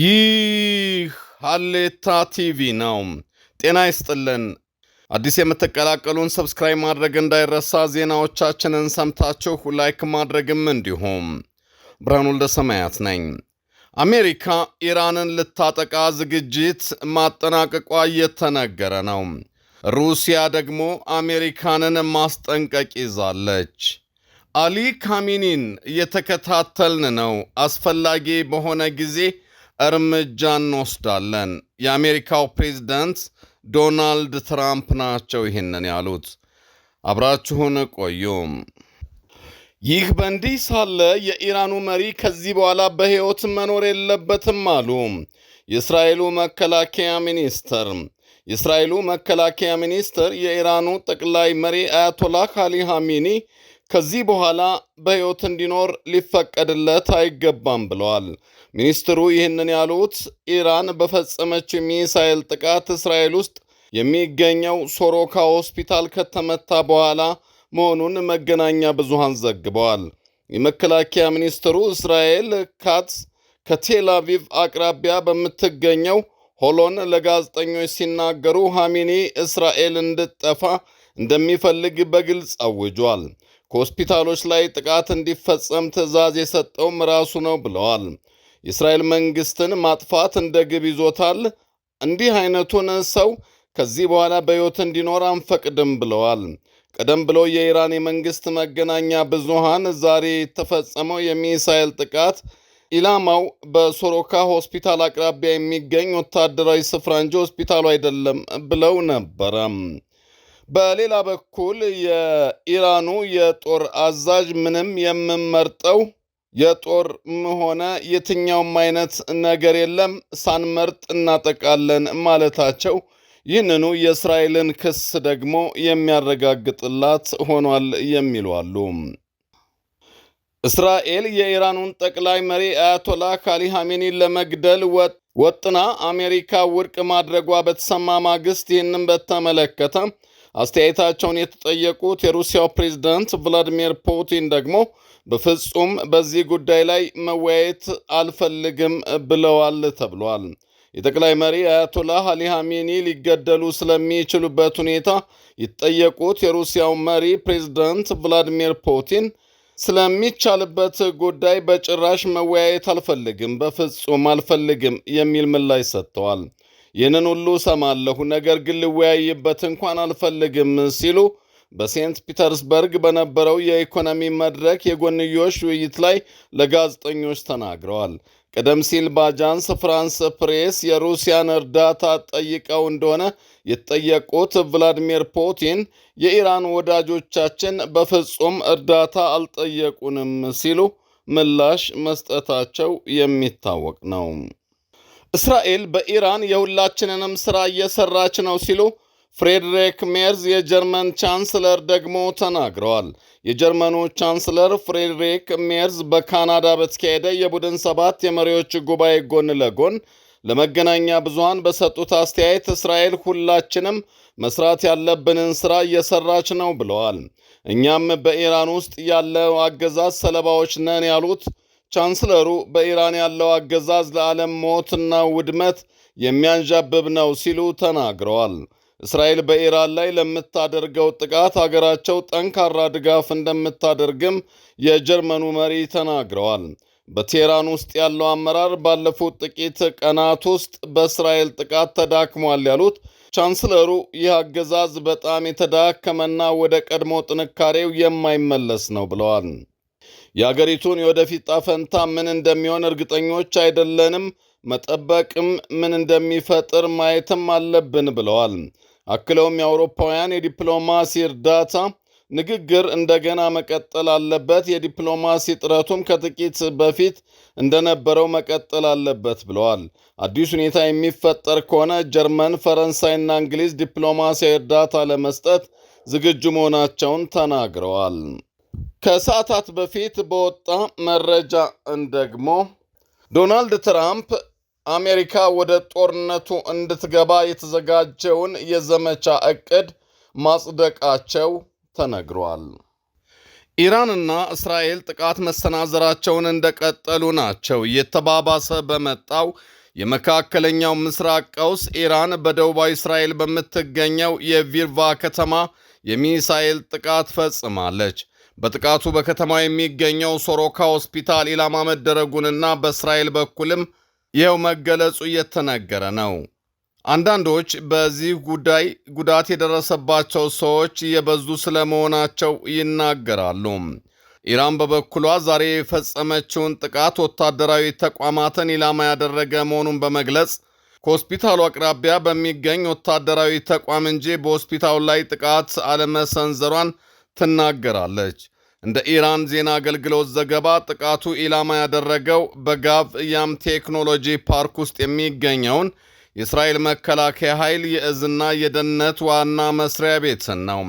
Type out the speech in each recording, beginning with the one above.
ይህ ሀሌታ ቲቪ ነው። ጤና ይስጥልን። አዲስ የምትቀላቀሉን ሰብስክራይብ ማድረግ እንዳይረሳ፣ ዜናዎቻችንን ሰምታችሁ ላይክ ማድረግም እንዲሁም። ብርሃኑ ወልደ ሰማያት ነኝ። አሜሪካ ኢራንን ልታጠቃ ዝግጅት ማጠናቀቋ እየተነገረ ነው። ሩሲያ ደግሞ አሜሪካንን ማስጠንቀቅ ይዛለች። አሊ ካሚኒን እየተከታተልን ነው። አስፈላጊ በሆነ ጊዜ እርምጃ እንወስዳለን። የአሜሪካው ፕሬዝዳንት ዶናልድ ትራምፕ ናቸው ይህንን ያሉት። አብራችሁን ቆዩ። ይህ በእንዲህ ሳለ የኢራኑ መሪ ከዚህ በኋላ በሕይወት መኖር የለበትም አሉ የእስራኤሉ መከላከያ ሚኒስትር። የእስራኤሉ መከላከያ ሚኒስትር የኢራኑ ጠቅላይ መሪ አያቶላህ አሊ ሐሚኒ ከዚህ በኋላ በሕይወት እንዲኖር ሊፈቀድለት አይገባም ብለዋል። ሚኒስትሩ ይህንን ያሉት ኢራን በፈጸመችው የሚሳኤል ጥቃት እስራኤል ውስጥ የሚገኘው ሶሮካ ሆስፒታል ከተመታ በኋላ መሆኑን መገናኛ ብዙሃን ዘግበዋል። የመከላከያ ሚኒስትሩ እስራኤል ካትስ ከቴል አቪቭ አቅራቢያ በምትገኘው ሆሎን ለጋዜጠኞች ሲናገሩ ሐሚኒ እስራኤል እንድጠፋ እንደሚፈልግ በግልጽ አውጇል። ከሆስፒታሎች ላይ ጥቃት እንዲፈጸም ትዕዛዝ የሰጠውም ራሱ ነው ብለዋል። የእስራኤል መንግሥትን ማጥፋት እንደ ግብ ይዞታል። እንዲህ አይነቱን ሰው ከዚህ በኋላ በሕይወት እንዲኖር አንፈቅድም ብለዋል። ቀደም ብሎ የኢራን የመንግሥት መገናኛ ብዙሃን ዛሬ የተፈጸመው የሚሳኤል ጥቃት ኢላማው በሶሮካ ሆስፒታል አቅራቢያ የሚገኝ ወታደራዊ ስፍራ እንጂ ሆስፒታሉ አይደለም ብለው ነበረ። በሌላ በኩል የኢራኑ የጦር አዛዥ ምንም የምመርጠው የጦር ሆነ የትኛውም አይነት ነገር የለም ሳንመርጥ እናጠቃለን ማለታቸው ይህንኑ የእስራኤልን ክስ ደግሞ የሚያረጋግጥላት ሆኗል የሚሉ አሉ። እስራኤል የኢራኑን ጠቅላይ መሪ አያቶላ ካሊ ሐሜኒን ለመግደል ወጥና አሜሪካ ውድቅ ማድረጓ በተሰማ ማግስት ይህንን በተመለከተ አስተያየታቸውን የተጠየቁት የሩሲያው ፕሬዝዳንት ቭላዲሚር ፑቲን ደግሞ በፍጹም በዚህ ጉዳይ ላይ መወያየት አልፈልግም ብለዋል ተብሏል። የጠቅላይ መሪ አያቶላህ አሊ ሐሜኒ ሊገደሉ ስለሚችሉበት ሁኔታ የተጠየቁት የሩሲያው መሪ ፕሬዝዳንት ቭላዲሚር ፑቲን ስለሚቻልበት ጉዳይ በጭራሽ መወያየት አልፈልግም፣ በፍጹም አልፈልግም የሚል ምላሽ ሰጥተዋል። ይህንን ሁሉ ሰማለሁ፣ ነገር ግን ልወያይበት እንኳን አልፈልግም ሲሉ በሴንት ፒተርስበርግ በነበረው የኢኮኖሚ መድረክ የጎንዮሽ ውይይት ላይ ለጋዜጠኞች ተናግረዋል። ቀደም ሲል በአጃንስ ፍራንስ ፕሬስ የሩሲያን እርዳታ ጠይቀው እንደሆነ የተጠየቁት ቭላዲሚር ፑቲን የኢራን ወዳጆቻችን በፍጹም እርዳታ አልጠየቁንም ሲሉ ምላሽ መስጠታቸው የሚታወቅ ነው። እስራኤል በኢራን የሁላችንንም ሥራ እየሠራች ነው ሲሉ ፍሬድሪክ ሜርዝ የጀርመን ቻንስለር ደግሞ ተናግረዋል። የጀርመኑ ቻንስለር ፍሬድሪክ ሜርዝ በካናዳ በተካሄደ የቡድን ሰባት የመሪዎች ጉባኤ ጎን ለጎን ለመገናኛ ብዙሃን በሰጡት አስተያየት እስራኤል ሁላችንም መስራት ያለብንን ሥራ እየሠራች ነው ብለዋል። እኛም በኢራን ውስጥ ያለው አገዛዝ ሰለባዎች ነን ያሉት ቻንስለሩ በኢራን ያለው አገዛዝ ለዓለም ሞትና ውድመት የሚያንዣብብ ነው ሲሉ ተናግረዋል። እስራኤል በኢራን ላይ ለምታደርገው ጥቃት አገራቸው ጠንካራ ድጋፍ እንደምታደርግም የጀርመኑ መሪ ተናግረዋል። በቴህራን ውስጥ ያለው አመራር ባለፉት ጥቂት ቀናት ውስጥ በእስራኤል ጥቃት ተዳክሟል ያሉት ቻንስለሩ ይህ አገዛዝ በጣም የተዳከመና ወደ ቀድሞ ጥንካሬው የማይመለስ ነው ብለዋል። የአገሪቱን የወደፊት ጣፈንታ ምን እንደሚሆን እርግጠኞች አይደለንም፣ መጠበቅም ምን እንደሚፈጥር ማየትም አለብን ብለዋል። አክለውም የአውሮፓውያን የዲፕሎማሲ እርዳታ ንግግር እንደገና መቀጠል አለበት፣ የዲፕሎማሲ ጥረቱም ከጥቂት በፊት እንደነበረው መቀጠል አለበት ብለዋል። አዲስ ሁኔታ የሚፈጠር ከሆነ ጀርመን፣ ፈረንሳይና እንግሊዝ ዲፕሎማሲያዊ እርዳታ ለመስጠት ዝግጁ መሆናቸውን ተናግረዋል። ከሰዓታት በፊት በወጣ መረጃ ደግሞ ዶናልድ ትራምፕ አሜሪካ ወደ ጦርነቱ እንድትገባ የተዘጋጀውን የዘመቻ ዕቅድ ማጽደቃቸው ተነግሯል። ኢራንና እስራኤል ጥቃት መሰናዘራቸውን እንደቀጠሉ ናቸው። እየተባባሰ በመጣው የመካከለኛው ምስራቅ ቀውስ ኢራን በደቡባዊ እስራኤል በምትገኘው የቪርቫ ከተማ የሚሳኤል ጥቃት ፈጽማለች። በጥቃቱ በከተማው የሚገኘው ሶሮካ ሆስፒታል ኢላማ መደረጉንና በእስራኤል በኩልም ይኸው መገለጹ እየተነገረ ነው። አንዳንዶች በዚህ ጉዳይ ጉዳት የደረሰባቸው ሰዎች እየበዙ ስለመሆናቸው ይናገራሉ። ኢራን በበኩሏ ዛሬ የፈጸመችውን ጥቃት ወታደራዊ ተቋማትን ኢላማ ያደረገ መሆኑን በመግለጽ ከሆስፒታሉ አቅራቢያ በሚገኝ ወታደራዊ ተቋም እንጂ በሆስፒታሉ ላይ ጥቃት አለመሰንዘሯን ትናገራለች። እንደ ኢራን ዜና አገልግሎት ዘገባ ጥቃቱ ኢላማ ያደረገው በጋቭ ያም ቴክኖሎጂ ፓርክ ውስጥ የሚገኘውን የእስራኤል መከላከያ ኃይል የእዝና የደህንነት ዋና መስሪያ ቤትን ነው።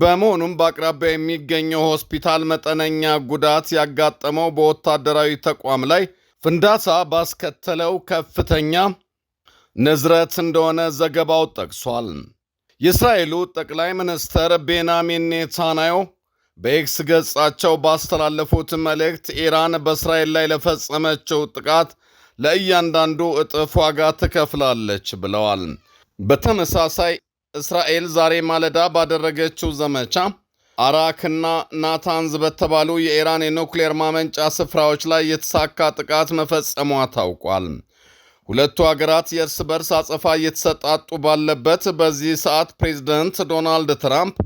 በመሆኑም በአቅራቢያ የሚገኘው ሆስፒታል መጠነኛ ጉዳት ያጋጠመው በወታደራዊ ተቋም ላይ ፍንዳታ ባስከተለው ከፍተኛ ንዝረት እንደሆነ ዘገባው ጠቅሷል። የእስራኤሉ ጠቅላይ ሚኒስትር ቤንያሚን ኔታንያሁ በኤክስ ገጻቸው ባስተላለፉት መልእክት ኢራን በእስራኤል ላይ ለፈጸመችው ጥቃት ለእያንዳንዱ እጥፍ ዋጋ ትከፍላለች ብለዋል። በተመሳሳይ እስራኤል ዛሬ ማለዳ ባደረገችው ዘመቻ አራክና ናታንዝ በተባሉ የኢራን የኑክሌር ማመንጫ ስፍራዎች ላይ የተሳካ ጥቃት መፈጸሟ ታውቋል። ሁለቱ አገራት የእርስ በርስ አጸፋ እየተሰጣጡ ባለበት በዚህ ሰዓት ፕሬዚደንት ዶናልድ ትራምፕ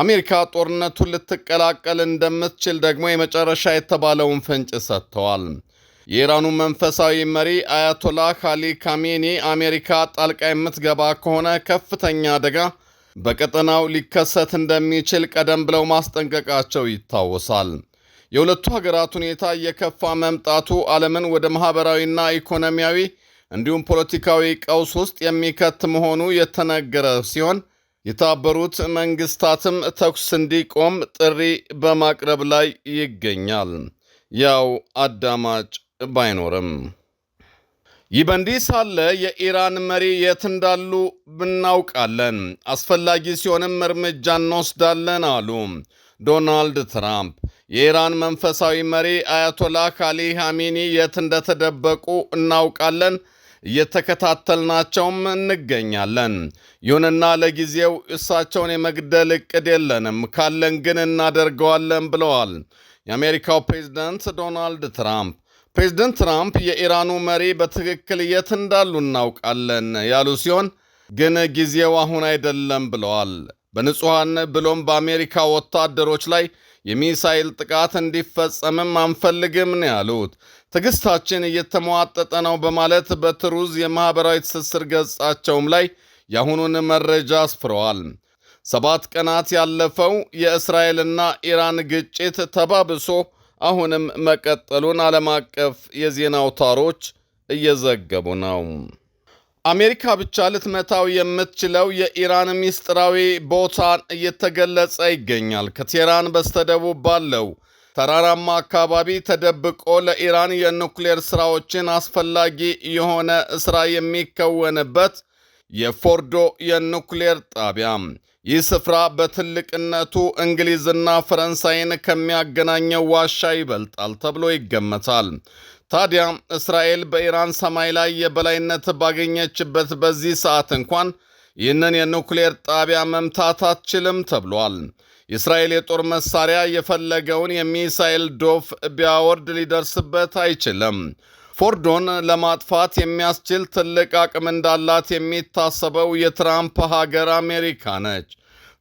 አሜሪካ ጦርነቱን ልትቀላቀል እንደምትችል ደግሞ የመጨረሻ የተባለውን ፍንጭ ሰጥተዋል። የኢራኑ መንፈሳዊ መሪ አያቶላ ካሊ ካሜኒ አሜሪካ ጣልቃ የምትገባ ከሆነ ከፍተኛ አደጋ በቀጠናው ሊከሰት እንደሚችል ቀደም ብለው ማስጠንቀቃቸው ይታወሳል። የሁለቱ ሀገራት ሁኔታ እየከፋ መምጣቱ ዓለምን ወደ ማኅበራዊና ኢኮኖሚያዊ እንዲሁም ፖለቲካዊ ቀውስ ውስጥ የሚከት መሆኑ የተነገረ ሲሆን የተባበሩት መንግስታትም ተኩስ እንዲቆም ጥሪ በማቅረብ ላይ ይገኛል። ያው አዳማጭ ባይኖርም ይህ በእንዲህ ሳለ የኢራን መሪ የት እንዳሉ ብናውቃለን፣ አስፈላጊ ሲሆንም እርምጃ እንወስዳለን አሉ ዶናልድ ትራምፕ። የኢራን መንፈሳዊ መሪ አያቶላ ካሊ ሃሚኒ የት እንደተደበቁ እናውቃለን እየተከታተልናቸውም እንገኛለን። ይሁንና ለጊዜው እሳቸውን የመግደል እቅድ የለንም፣ ካለን ግን እናደርገዋለን ብለዋል የአሜሪካው ፕሬዚደንት ዶናልድ ትራምፕ። ፕሬዝደንት ትራምፕ የኢራኑ መሪ በትክክል የት እንዳሉ እናውቃለን ያሉ ሲሆን ግን ጊዜው አሁን አይደለም ብለዋል። በንጹሐን ብሎም በአሜሪካ ወታደሮች ላይ የሚሳይል ጥቃት እንዲፈጸምም አንፈልግም ነው ያሉት። ትዕግስታችን እየተሟጠጠ ነው በማለት በትሩዝ የማኅበራዊ ትስስር ገጻቸውም ላይ የአሁኑን መረጃ አስፍረዋል። ሰባት ቀናት ያለፈው የእስራኤልና ኢራን ግጭት ተባብሶ አሁንም መቀጠሉን ዓለም አቀፍ የዜና አውታሮች እየዘገቡ ነው። አሜሪካ ብቻ ልትመታው የምትችለው የኢራን ሚስጥራዊ ቦታን እየተገለጸ ይገኛል። ከቴህራን በስተደቡብ ባለው ተራራማ አካባቢ ተደብቆ ለኢራን የኑክሌር ሥራዎችን አስፈላጊ የሆነ ሥራ የሚከወንበት የፎርዶ የኑክሌር ጣቢያ። ይህ ስፍራ በትልቅነቱ እንግሊዝና ፈረንሳይን ከሚያገናኘው ዋሻ ይበልጣል ተብሎ ይገመታል። ታዲያ እስራኤል በኢራን ሰማይ ላይ የበላይነት ባገኘችበት በዚህ ሰዓት እንኳን ይህንን የኑክሌር ጣቢያ መምታት አትችልም ተብሏል። የእስራኤል የጦር መሳሪያ የፈለገውን የሚሳኤል ዶፍ ቢያወርድ ሊደርስበት አይችልም። ፎርዶን ለማጥፋት የሚያስችል ትልቅ አቅም እንዳላት የሚታሰበው የትራምፕ ሀገር አሜሪካ ነች።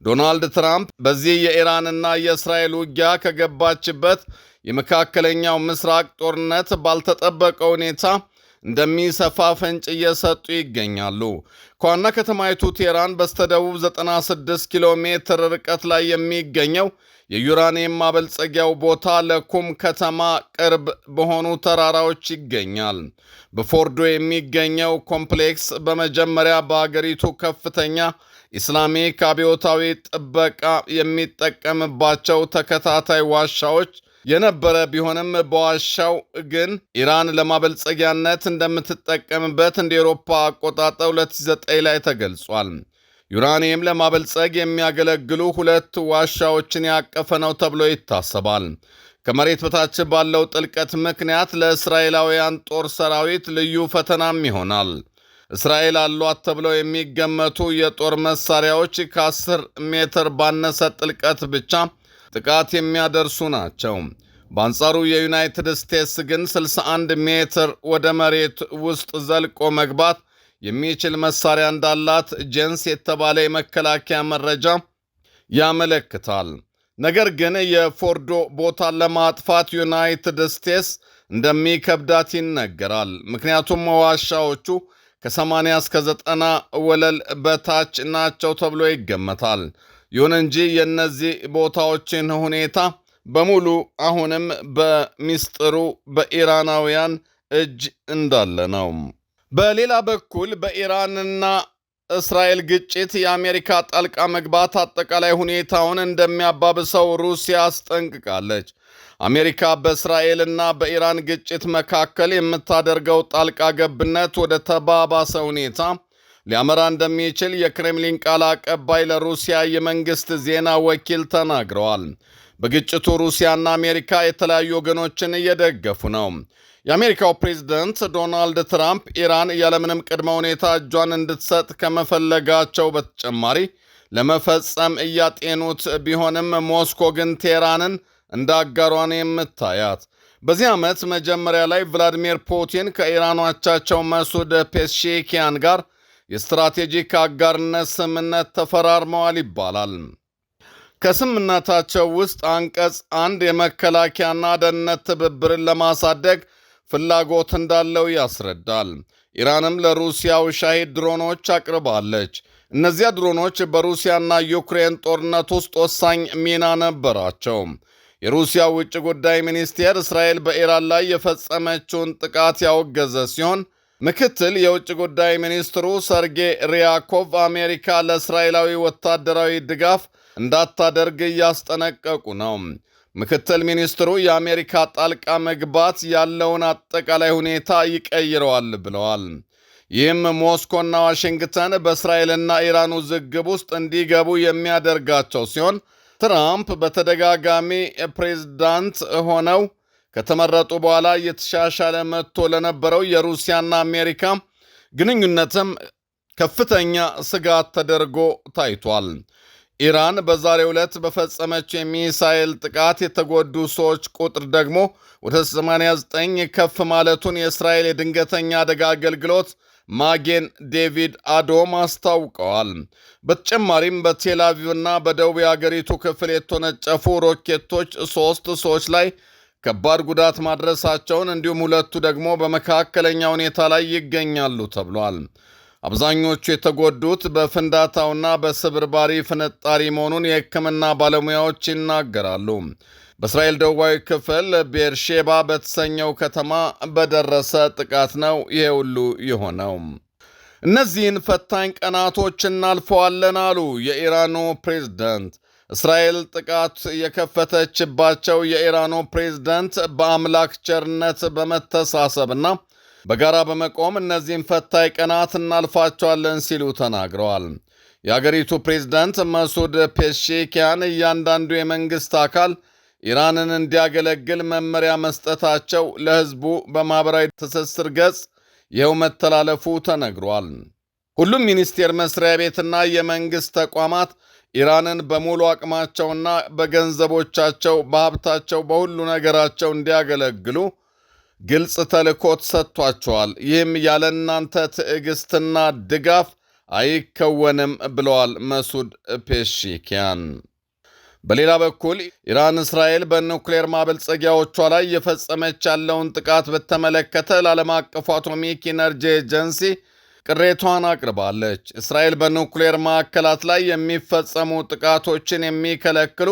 ዶናልድ ትራምፕ በዚህ የኢራንና የእስራኤል ውጊያ ከገባችበት የመካከለኛው ምስራቅ ጦርነት ባልተጠበቀ ሁኔታ እንደሚሰፋ ፍንጭ እየሰጡ ይገኛሉ። ከዋና ከተማይቱ ቴህራን በስተደቡብ 96 ኪሎ ሜትር ርቀት ላይ የሚገኘው የዩራኒየም ማበልጸጊያው ቦታ ለኩም ከተማ ቅርብ በሆኑ ተራራዎች ይገኛል። በፎርዶ የሚገኘው ኮምፕሌክስ በመጀመሪያ በአገሪቱ ከፍተኛ ኢስላሚክ አብዮታዊ ጥበቃ የሚጠቀምባቸው ተከታታይ ዋሻዎች የነበረ ቢሆንም በዋሻው ግን ኢራን ለማበልጸጊያነት እንደምትጠቀምበት እንደ ኤሮፓ አቆጣጠር 2009 ላይ ተገልጿል። ዩራኒየም ለማበልጸግ የሚያገለግሉ ሁለት ዋሻዎችን ያቀፈ ነው ተብሎ ይታሰባል። ከመሬት በታች ባለው ጥልቀት ምክንያት ለእስራኤላውያን ጦር ሰራዊት ልዩ ፈተናም ይሆናል። እስራኤል አሏት ተብለው የሚገመቱ የጦር መሳሪያዎች ከ10 ሜትር ባነሰ ጥልቀት ብቻ ጥቃት የሚያደርሱ ናቸው። በአንጻሩ የዩናይትድ ስቴትስ ግን 61 ሜትር ወደ መሬት ውስጥ ዘልቆ መግባት የሚችል መሳሪያ እንዳላት ጄንስ የተባለ የመከላከያ መረጃ ያመለክታል። ነገር ግን የፎርዶ ቦታን ለማጥፋት ዩናይትድ ስቴትስ እንደሚከብዳት ይነገራል። ምክንያቱም ዋሻዎቹ ከ80 እስከ 90 ወለል በታች ናቸው ተብሎ ይገመታል። ይሁን እንጂ የእነዚህ ቦታዎችን ሁኔታ በሙሉ አሁንም በሚስጥሩ በኢራናውያን እጅ እንዳለ ነው። በሌላ በኩል በኢራንና እስራኤል ግጭት የአሜሪካ ጣልቃ መግባት አጠቃላይ ሁኔታውን እንደሚያባብሰው ሩሲያ አስጠንቅቃለች። አሜሪካ በእስራኤልና በኢራን ግጭት መካከል የምታደርገው ጣልቃ ገብነት ወደ ተባባሰ ሁኔታ ሊያመራ እንደሚችል የክሬምሊን ቃል አቀባይ ለሩሲያ የመንግሥት ዜና ወኪል ተናግረዋል። በግጭቱ ሩሲያና አሜሪካ የተለያዩ ወገኖችን እየደገፉ ነው። የአሜሪካው ፕሬዝደንት ዶናልድ ትራምፕ ኢራን ያለምንም ቅድመ ሁኔታ እጇን እንድትሰጥ ከመፈለጋቸው በተጨማሪ ለመፈጸም እያጤኑት ቢሆንም ሞስኮ ግን ቴራንን እንደ አጋሯን የምታያት በዚህ ዓመት መጀመሪያ ላይ ቭላዲሚር ፑቲን ከኢራኗቻቸው መሱድ ፔስሼኪያን ጋር የስትራቴጂክ አጋርነት ስምምነት ተፈራርመዋል ይባላል። ከስምምነታቸው ውስጥ አንቀጽ አንድ የመከላከያና ደህንነት ትብብርን ለማሳደግ ፍላጎት እንዳለው ያስረዳል። ኢራንም ለሩሲያው ሻሂድ ድሮኖች አቅርባለች። እነዚያ ድሮኖች በሩሲያና ዩክሬን ጦርነት ውስጥ ወሳኝ ሚና ነበራቸው። የሩሲያ ውጭ ጉዳይ ሚኒስቴር እስራኤል በኢራን ላይ የፈጸመችውን ጥቃት ያወገዘ ሲሆን ምክትል የውጭ ጉዳይ ሚኒስትሩ ሰርጌይ ሪያኮቭ አሜሪካ ለእስራኤላዊ ወታደራዊ ድጋፍ እንዳታደርግ እያስጠነቀቁ ነው። ምክትል ሚኒስትሩ የአሜሪካ ጣልቃ መግባት ያለውን አጠቃላይ ሁኔታ ይቀይረዋል ብለዋል። ይህም ሞስኮና ዋሽንግተን በእስራኤልና ኢራን ውዝግብ ውስጥ እንዲገቡ የሚያደርጋቸው ሲሆን ትራምፕ በተደጋጋሚ ፕሬዝዳንት ሆነው ከተመረጡ በኋላ እየተሻሻለ መጥቶ ለነበረው የሩሲያና አሜሪካ ግንኙነትም ከፍተኛ ስጋት ተደርጎ ታይቷል። ኢራን በዛሬው ዕለት በፈጸመች የሚሳኤል ጥቃት የተጎዱ ሰዎች ቁጥር ደግሞ ወደ 89 ከፍ ማለቱን የእስራኤል የድንገተኛ አደጋ አገልግሎት ማጌን ዴቪድ አዶም አስታውቀዋል። በተጨማሪም በቴል አቪቭና በደቡብ የአገሪቱ ክፍል የተነጨፉ ሮኬቶች ሦስት ሰዎች ላይ ከባድ ጉዳት ማድረሳቸውን እንዲሁም ሁለቱ ደግሞ በመካከለኛ ሁኔታ ላይ ይገኛሉ ተብሏል። አብዛኞቹ የተጎዱት በፍንዳታውና በስብርባሪ ፍንጣሪ መሆኑን የሕክምና ባለሙያዎች ይናገራሉ። በእስራኤል ደቡባዊ ክፍል ቤርሼባ በተሰኘው ከተማ በደረሰ ጥቃት ነው ይሄ ሁሉ የሆነው። እነዚህን ፈታኝ ቀናቶች እናልፈዋለን አሉ የኢራኑ ፕሬዝዳንት። እስራኤል ጥቃት የከፈተችባቸው የኢራኑ ፕሬዝዳንት በአምላክ ቸርነት በመተሳሰብና በጋራ በመቆም እነዚህን ፈታኝ ቀናት እናልፋቸዋለን ሲሉ ተናግረዋል። የአገሪቱ ፕሬዝዳንት መሱድ ፔሼኪያን እያንዳንዱ የመንግሥት አካል ኢራንን እንዲያገለግል መመሪያ መስጠታቸው ለሕዝቡ በማኅበራዊ ትስስር ገጽ ይኸው መተላለፉ ተነግሯል። ሁሉም ሚኒስቴር መስሪያ ቤትና የመንግሥት ተቋማት ኢራንን በሙሉ አቅማቸውና በገንዘቦቻቸው፣ በሀብታቸው፣ በሁሉ ነገራቸው እንዲያገለግሉ ግልጽ ተልኮ ተሰጥቷቸዋል። ይህም ያለ እናንተ ትዕግስትና ድጋፍ አይከወንም ብለዋል መሱድ ፔሺኪያን። በሌላ በኩል ኢራን እስራኤል በኑክሌር ማበልጸጊያዎቿ ላይ የፈጸመች ያለውን ጥቃት በተመለከተ ለዓለም አቀፉ አቶሚክ ኢነርጂ ኤጀንሲ ቅሬቷን አቅርባለች። እስራኤል በኑክሌር ማዕከላት ላይ የሚፈጸሙ ጥቃቶችን የሚከለክሉ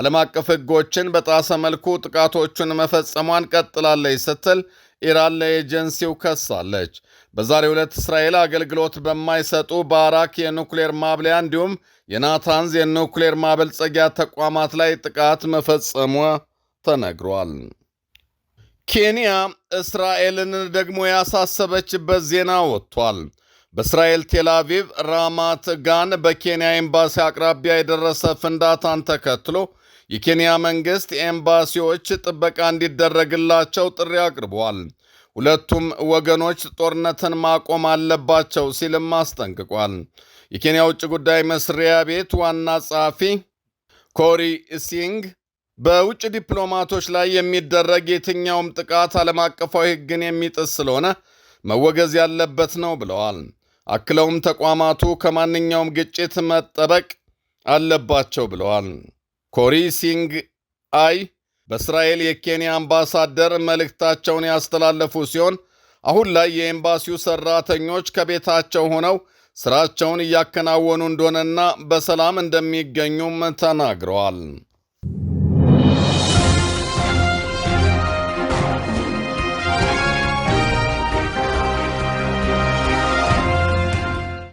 ዓለም አቀፍ ሕጎችን በጣሰ መልኩ ጥቃቶቹን መፈጸሟን ቀጥላለች ስትል ኢራን ለኤጀንሲው ከሳለች። በዛሬ ዕለት እስራኤል አገልግሎት በማይሰጡ በአራክ የኑክሌር ማብለያ እንዲሁም የናታንዝ የኑክሌር ማበልጸጊያ ተቋማት ላይ ጥቃት መፈጸሟ ተነግሯል። ኬንያ እስራኤልን ደግሞ ያሳሰበችበት ዜና ወጥቷል። በእስራኤል ቴላቪቭ ራማት ጋን በኬንያ ኤምባሲ አቅራቢያ የደረሰ ፍንዳታን ተከትሎ የኬንያ መንግሥት ኤምባሲዎች ጥበቃ እንዲደረግላቸው ጥሪ አቅርቧል። ሁለቱም ወገኖች ጦርነትን ማቆም አለባቸው ሲልም አስጠንቅቋል። የኬንያ ውጭ ጉዳይ መስሪያ ቤት ዋና ጸሐፊ ኮሪ ሲንግ በውጭ ዲፕሎማቶች ላይ የሚደረግ የትኛውም ጥቃት ዓለም አቀፋዊ ሕግን የሚጥስ ስለሆነ መወገዝ ያለበት ነው ብለዋል። አክለውም ተቋማቱ ከማንኛውም ግጭት መጠበቅ አለባቸው ብለዋል። ኮሪ ሲንግ አይ በእስራኤል የኬንያ አምባሳደር መልእክታቸውን ያስተላለፉ ሲሆን አሁን ላይ የኤምባሲው ሠራተኞች ከቤታቸው ሆነው ሥራቸውን እያከናወኑ እንደሆነና በሰላም እንደሚገኙም ተናግረዋል።